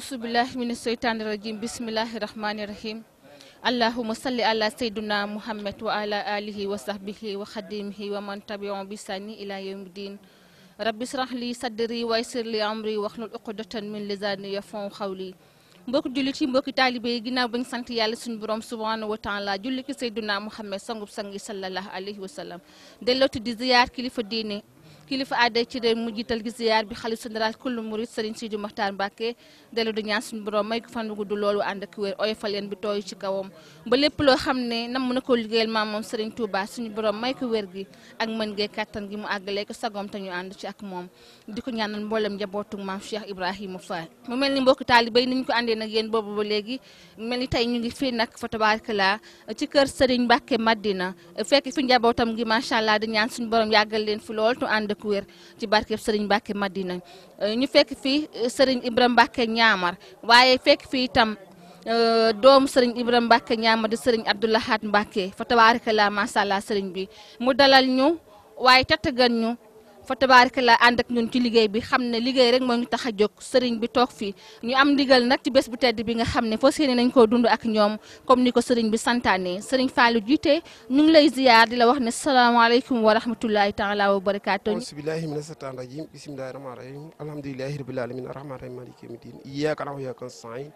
أعوذ بالله من الشيطان الرجيم بسم الله الرحمن الرحيم اللهم صل على سيدنا محمد وعلى آله وصحبه وخدمه ومن تبعهم بإحسان إلى يوم الدين رب اشرح لي صدري ويسر لي أمري واحلل عقدة من لساني يفقهوا قولي mbok jullit yi mbokki taalibe yi ginnaaw sant yàlla suñu borom subhanahu wa taala julli ki sayduna muhammad sangub sangi sallallahu alayhi wa sallam dellooti di ziyar kilifa dine kilifa aada ci réew mu jiital gi ziyaar bi xalif général kullu murid Serigne Sidi Mokhtar Mbacke dellu di ñaan suñu borom may ko fan wu gudd loolu ànd ak wér oyofal leen bi tooy ci kawam ba lépp loo xam ne nam na ko liggéeyal maam moom Serigne Touba suñu borom may ko wér gi ak mën ngee kàttan gi mu àggalee ko sagoom te ànd ci ak moom di ko ñaanal mboolem njabootu maam Cheikh Ibrahima mu mel ni mbokki taalibe yi ni ñu ko àndee nag yéen boobu ba ak wér ci barkeb Serigne Mbacke Madina euh, ñu fekk fii euh, Serigne ibra Mbacke ñaamar waaye fekk fii itam euh, doomu Serigne Ibrahima Mbacke ñaamar di Serigne Abdoulahat Mbacke fa tabaaraka la macha allah Serigne bi mu dalal ñu waaye tatagal ñu. fa tabaaraka la ànd ak ñun ci liggéey bi xam ne liggéey rek moo ñu tax a jóg sëriñ bi toog fii ñu am ndigal nag ci bés bu tedd bi nga xam ne foo yéene nañ koo dund ak ñoom comme ni ko sëriñ bi santaane sëriñ Fallou jiite ñu ngi lay ziyaar di la wax ne salaamaaleykum wa rahmatullahi taala wa barakaatu bismillahi mina satan rajim bismillahi rahmani rahim alhamdulilahi rabil alamin arrahmani rahim maliki yawmi din iyyaka na'budu wa iyyaka nasta'in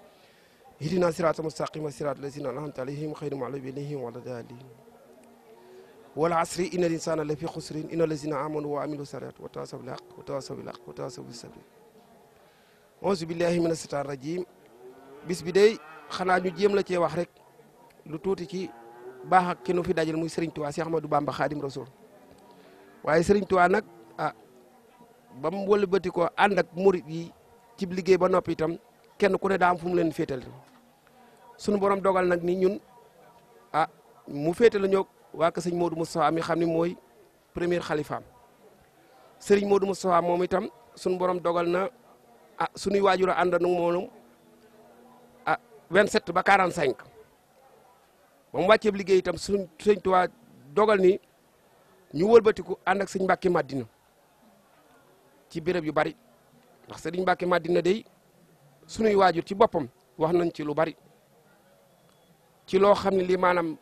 ihdina siraatal mustaqima siraatal lazina والعصر إن الإنسان لفي خسر إن الذين آمنوا وعملوا الصالحات وتواصوا بالحق وتواصوا بالحق وتواصوا بالصبر أعوذ بالله من الشيطان الرجيم bis bi day xanaa ñu jéem la cee wax rek lu tuuti ci baax ak ki nu fi dajal muy Serigne Touba Cheikh Ahmadou Bamba Khadim Rasoul waaye Serigne Touba nag ah ba mu wëlbati ko ànd ak murit yi ci liggéey ba noppi itam kenn ku ne daa am fu mu leen féetal sunu borom dogal nag ni ñun ah mu féetal ñoo wa ko serigne Modou Moustapha mi xamni moy premier khalifa serigne Modou Moustapha mom itam sun borom dogal na ah sunuy wajuro a àndandoo moom ah 27 ba 45 ba wacce wàcceeb itam sun serigne touba dogal ni ñu wëlbatiku and ak serigne Mbàkke Madina ci bërepp yu bari ndax serigne Mbàkke Madina day sunuy wajur ci bopam wax nañ ci lu bari ci lo xamni li manam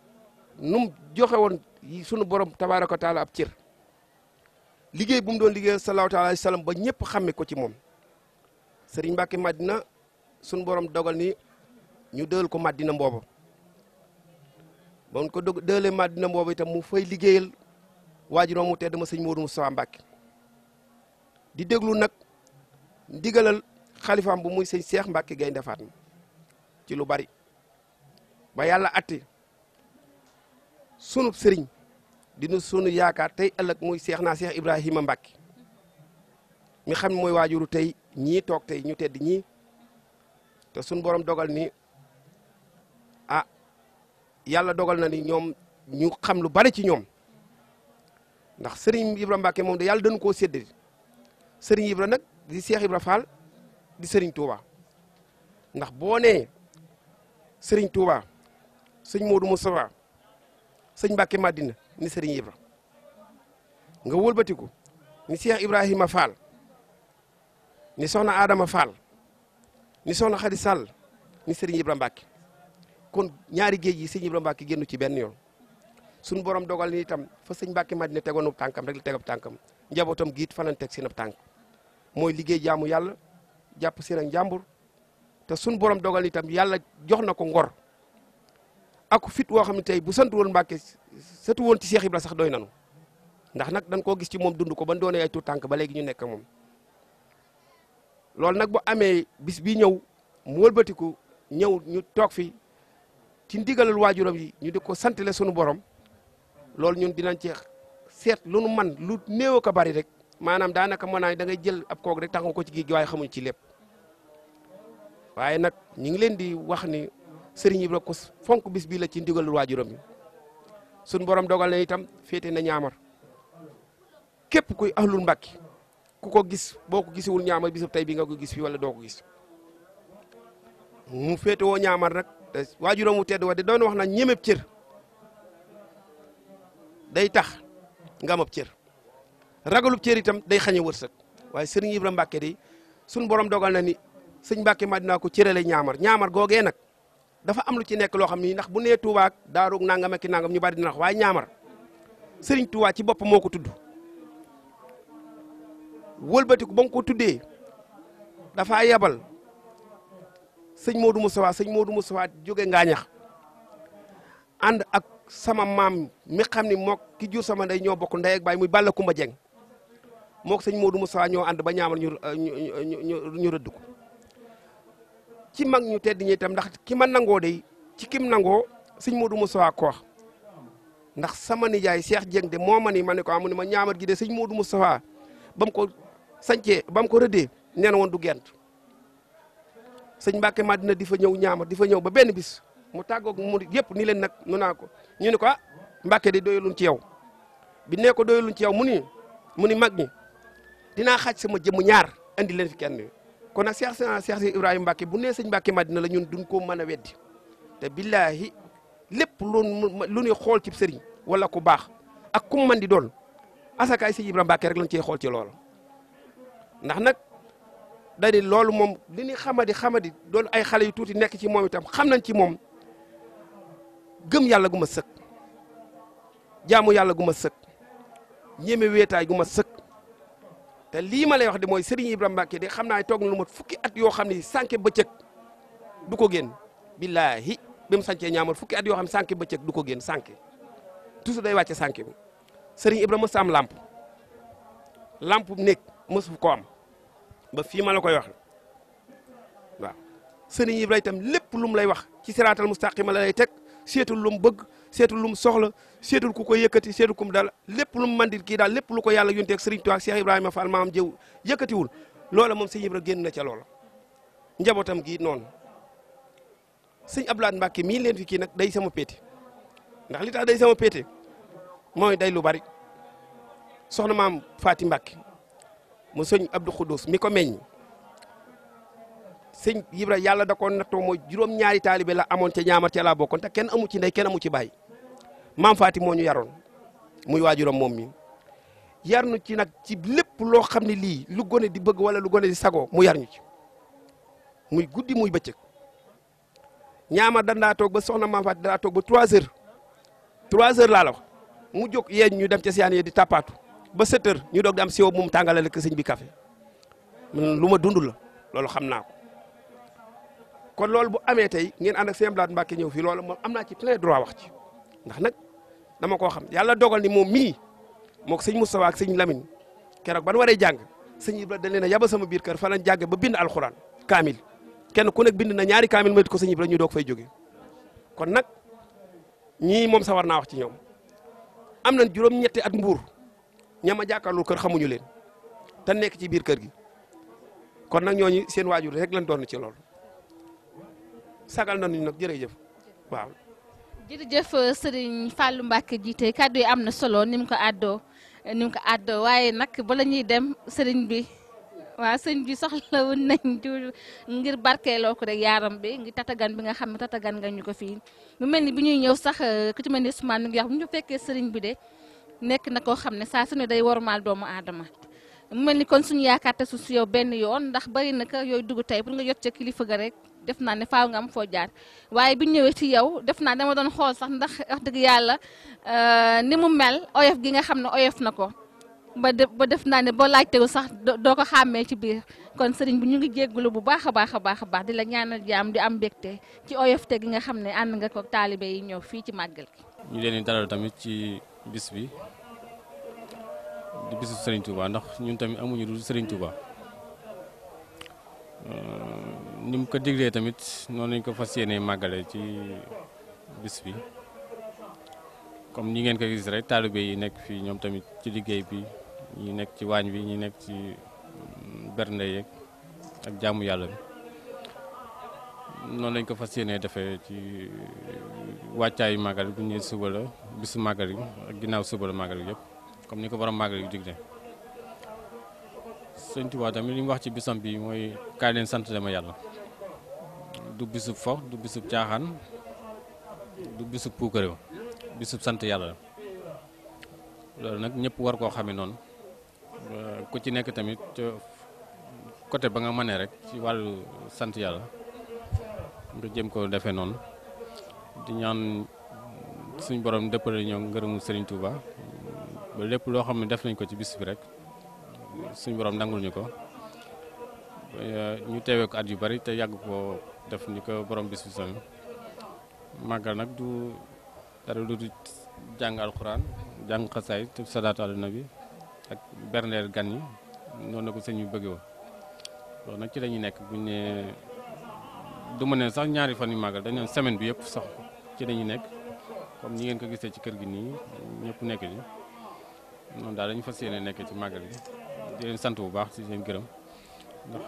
num joxe woon sunu borom tabaaraka taala ab cër liggéey bu doon liggéeyal salaahu taala alayhi salaam ba ñëpp xamme ko ci moom Serigne Mbacke Madina sunu borom dogal ni ñu dël ko Madina mbooba bon ko dog dëlee Madina mbooba itam mu fay liggéeyal waajuroom mu tedd ma sëñ Modou Moustapha Mbacke di déglu nag ndigalal xalifaam bu muy sëñ Seex Mbacke Gaynde Fatma ci lu bari ba yàlla atti sunub sëriñ dina sunu yaakaar tey ëllëg muy seex naa seex Ibrahima Mbacke mi xam mooy waajuru tey ñii toog tey ñu tedd ñii te sunu borom dogal ni ah yàlla dogal na ni ñoom ñu xam lu bari ci ñoom ndax sëriñ Ibra Mbacke moom de yàlla dañu koo séddale sëriñ Ibra nag di seex Ibra Fall di sëriñ Touba ndax boo nee sëriñ Touba sëñ Modou Moustapha sëñ Mbacke Madina ni Serigne Ibra nga wëlbatiku ni Cheikh Ibrahima Fall ni soxna Adama Fall ni soxna Khady Sall ni Serigne Ibra Mbacke kon ñaari géej yi sëñ Ibra Mbacke génnu ci benn yoon suñu borom dogal ni itam fa sëñ Mbacke Madina tegoonub tànkam rek la tegab tànkam njabootam giit fa teg seen ab tànk mooy liggéey jaamu yàlla jàpp seen ak njàmbur te suñu borom dogal ni itam yàlla jox na ko ngor Aku fit woo xam ne tey bu sant woon Mbàkke sëtu woon ci Cheikh Ibra sax doy nanu ndax nag dañ koo gis ci dund ko ban ay ba léegi ñu nekk moom loolu nag bu amee bis bi ñëw mu wëlbatiku ñëw ñu toog fi ci ndigalal waajuram yi ñu di ko sunu borom Lol ñun dinañ ci seet lu nu man lu néew ko bari rek maanaam daanaka da ngay jël ab rek ko ci gi xamuñ ci ngi di wax ni sëriñ Ibra ko fonk bis bi la ci ndigal waajuram yi sun borom dogal na itam féete na ñaamar képp kuy ahlul mbàkki ku ko gis boo ko gisewul ñaamar bisub tey bi nga ko gis fii wala doo gis mu féete woo ñaamar nag waajuram wu tedd wa de doon wax na ñeme cër day tax nga amab ragalu ragalub cër tam day xañe wërsëg waaye sëriñ Ibra Mbàkke de sun borom dogal na ni sëñ Mbàkke Madina ko lay ñaamar ñaamar googee nag dafa am lu ci nekk loo xam ni ndax bu nee Touba ak Daaru nangam ak nangam ñu bari dina wax waaye ñaamar Serigne Touba ci bopp moo ko tudd wëlbatiku ba nga ko tuddee dafa yebal sëñ Modou Moustapha sëñ Modou Moustapha jóge Ngaañax ànd ak sama maam mi xam ni mook ki jur sama ndey ñoo bokk ndey baay muy Balla Kumba Jeng mook sëñ Modou Moustapha ñoo ànd ba ñaamar ñu ñu ñu ci mag ñu tedd ñi itam ndax ki ma nangoo day ci kim nangoo sëñ Modou Moustapha ko wax ndax sama nijaay Cheikh Dieng de moo ma ni ma ne ko amu ah ne ma ñaamat gi de sëñ Modou Moustapha ba mu ko sancee ba ko rëddee nee woon du gent sëñ Mbacke Madina di fa ñëw ñaamat di fa ñëw ba benn bis mu tàggoog mu yëpp ni leen nag nu naa ko ñu ne ko ah Mbacke de doyaluñ ci yow bi nee ko doyaluñ ci yow mu ni mu ni mag ñi dinaa xaaj sama jëmm ñaar andi leen fi kenn kon nag Cheikh Cheikh Ibrahima Mbacke bu nee sëñ Mbacke Madina la ñun duñ ko mën a weddi te billaahi lépp loon lu ñuy xool ci sëriñ wala ku baax ak kum man di doon asakaay sëñ Ibrahima Mbacke rek lañ cey xool ci lool ndax nag dañu loolu moom li ñuy xamadi xamadi doon ay xale yu tuuti nekk ci moom itam xam nañ ci moom gëm yàlla gu ma sëkk jaamu yàlla gu ma sëkk ñeme weetaay gu ma sëkk te lii ma lay wax de mooy Serigne Ibrahima Mbacke de xam naa toog na lu mat fukki at yoo xam ne sànke bëccëg du ko génn billaahi bi mu sàncee ñaamar fukki at yoo xam ne sànke bëccëg du ko génn sànke toujours day wàcce sànke bi Serigne Ibrahima mës am lamp lamp nekk mësu ko am ba fii ma la koy wax waaw Serigne Ibrahima itam lépp lu mu lay wax ci siraatal mustaqima la lay teg seetu lu mu bëgg. seetul lu mu soxla seetul ku ko yëkkati seetul ku mu dal lépp lu mu mandil kii daal lépp lu ko yàlla yunteeg Serigne Touba Cheikh Ibrahima Fall maam jëw yëkkatiwul loola moom sëñ Ibra génn na ca loola njabootam gii noonu sëñ Abdoulaye mbakki mii leen fi kii nag day sama péete ndax li tax day sama péete mooy day lu bari soxna maam Faati Mbacke mu sëñ Abdou Khoudous mi ko meññ sëñ Ibra yàlla da ko nattoo mooy juróom-ñaari taalibe la amoon ca ñaamar ca laa bokkoon te kenn amu ci ndey kenn ci bàyyi maam Faati moo ñu yaroon muy waajuram moom mi yar nu ci nag ci lépp loo xam ne lii lu gone di bëgg wala lu gone di sagoo mu yar ñu ci muy guddi muy bëccëg ñaama dandaa toog ba soxna maam Faati dandaa toog ba trois heures trois heures laa la wax mu jóg yeeñ ñu dem ca siyaan yi di tappaatu ba sept ñu doog di am siwo moom tàngalale ko bi café mu lu ma dund la loolu xam naa ko kon loolu bu amee tey ngeen ànd ak seen blaat Mbàkke ñëw fii loolu moom am naa ci plein droit wax ci ndax nag dama ko xam yalla dogal ni mom mi mok seigne mustafa ak seigne Lamine kérok ban waré jang seigne Ibra dañ leena yaba sama biir kër fa lañ jagg ba bind alcorane kamil kenn ku nek bind na ñaari kamil mayit ko seigne Ibra ñu dog fay joggé kon nag ñii moom sawar naa wax ci ñom am nañ ñetti at mbur ñama jakkalu kër xamuñu leen te nek ci biir kër gi kon nak ñoñu seen wajur rek lañ doon ci lool sagal nañu jërëjëf waaw. jërëjëf euh, sëriñ Fallou Mbacke jiite kàddu yi am na solo ni ko àddoo ni ko àddoo waaye nag bala ñuy dem sëriñ bi waaw sëriñ bi soxlawul nañ ngir barkeeloo ko rek yaaram bi ngi tatagan bi nga xam ne tatagan nga ñu ko fii mu mel ni bu ñuy ñëw sax euh, ku ci mel ni Ousmane mi ngi wax bu ñu fekkee sëriñ bi de nekk na koo xam ne saa su ne day wormaal doomu aadama mu mel ni kon suñu yaakaar te su si yow benn yoon ndax bari na kër yooyu dugg tey pour nga jot ca kilifa ga rek def naa ne faaw nga am foo jaar waaye bi ñëwee ci yow def naa dama doon xool sax ndax wax dëgg yàlla euh, ni mu mel oyof gi nga xam ne oyof na ko ba def ba def naa ne boo laajtegu sax doo ko xàmmee ci biir kon sëriñ bi ñu ngi jéggulu bu baax a baax a baax a baax di la ñaanal jaam di am mbégte ci oyofte gi nga xam ne ànd nga ko taalibe yi ñëw fii ci màggal gi. ñu di bisu Serigne Touba ndax ñun tamit amuñu du Serigne Touba euh, ni mu ko diglee tamit noonu lañ ko fas yéenee màggale ci bis bi comme ni ngeen ko gis rek taalibe yi nekk fii ñoom tamit ci liggéey bi ñi nekk ci waañ bi ñuy nekk ci mm, bernde yeeg ak jaamu yàlla bi noonu lañ ko fas yéenee defee ci wàccaayu màggal bu ñëwee suba la bisu màggal yi ak ginnaaw suba la màggal yëpp. comme niko borom magal bi digle sëñ Tuubaa tamit li wax ci bisam bi moy ka len sante dama yalla du bisub fo du bisub tiaxan du bisub puukaréew bisub sante yalla loolu nak ñepp war ko xamee non ku ci nek tamit côté ba nga mané rek ci walu sante yalla ndu jëm ko defee non di ñaan suñu borom dëppale ñoo ngeerum Serigne Touba ba lépp loo xam ne def nañ ko ci bis bi rek suñ borom nangul ñu ko ñu teewee ko at yu bari te yàgg ko def ni ko boroom bis bi sami màggal nag du dara lu du jàng alxuraan jàng xasaay te salaatu ala nabi ak berndeer gan yi noonu la ko sëñ bi bëgge woon loolu nag ci la ñuy nekk bu ñu nee du ne sax ñaari fan yu dañ dañu semaine bi yëpp sax ci la ñuy nekk comme ni ngeen ko gisee ci kër gi nii ñëpp nekk nii. noonu daal dañu fas yéene nekkee ci màggal gi di leen sant bu baax si seen gërëm ndax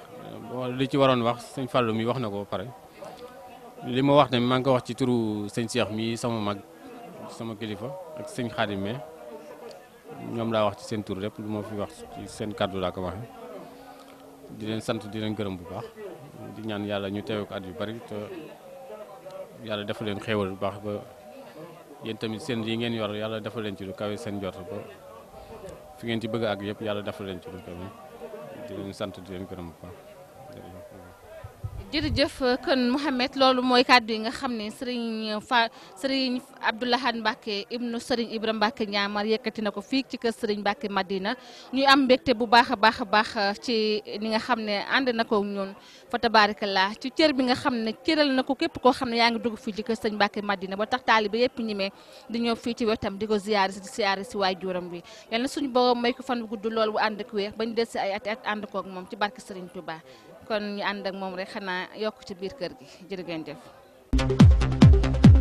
euh, li ci waroon wax sëñ Fallou mi wax na ko pare li ma wax ne maa ngi ko wax ci turu sëñ Cheikh mii sama mag sama kilifa ak sëñ me ñoom laa wax ci seen tur lépp lu ma fi wax ci seen kàddu laa ko waxee di leen sant di leen gërëm bu baax di ñaan yàlla ñu teewe ko at yu bari te yàlla dafa leen xéewal bu baax ba yéen tamit seen yi ngeen yor yàlla dafa leen ci lu kawe seen jot fi ngeen ci bëgg ak yëpp yàlla defal leen ci lu ko di leen sant di leen jërëjëf euh, kon Mouhamed loolu mooy kàddu yi nga xam ne Serigne Fa Serigne Abdou Lahad Mbacke ibnu Serigne Ibra Mbacke Ñaamar yekkati na ko fii ci kër Serigne Mbacke Madina ñu am mbégte bu baax a baax a baax euh, ci ni nga xam ne ànd na ko ñun fa tabaarakallah ci cër bi nga xam ne cëral na ko képp koo xam ne yaa ngi dugg fii ci kër Serigne Mbacke Madina ba tax taaliba yëpp ñimee di ñëw fii ci wetam di ko ziyaare si ziyaare si waay juuram bi yal suñu borom may ko fan bu gudd lool bu ànd ak wéex bañ des ay at ànd koog moom ci barke Serigne Touba kon ñu ànd ak moom rek xanaa yokk ci biir kër gi jërë ngeen jëf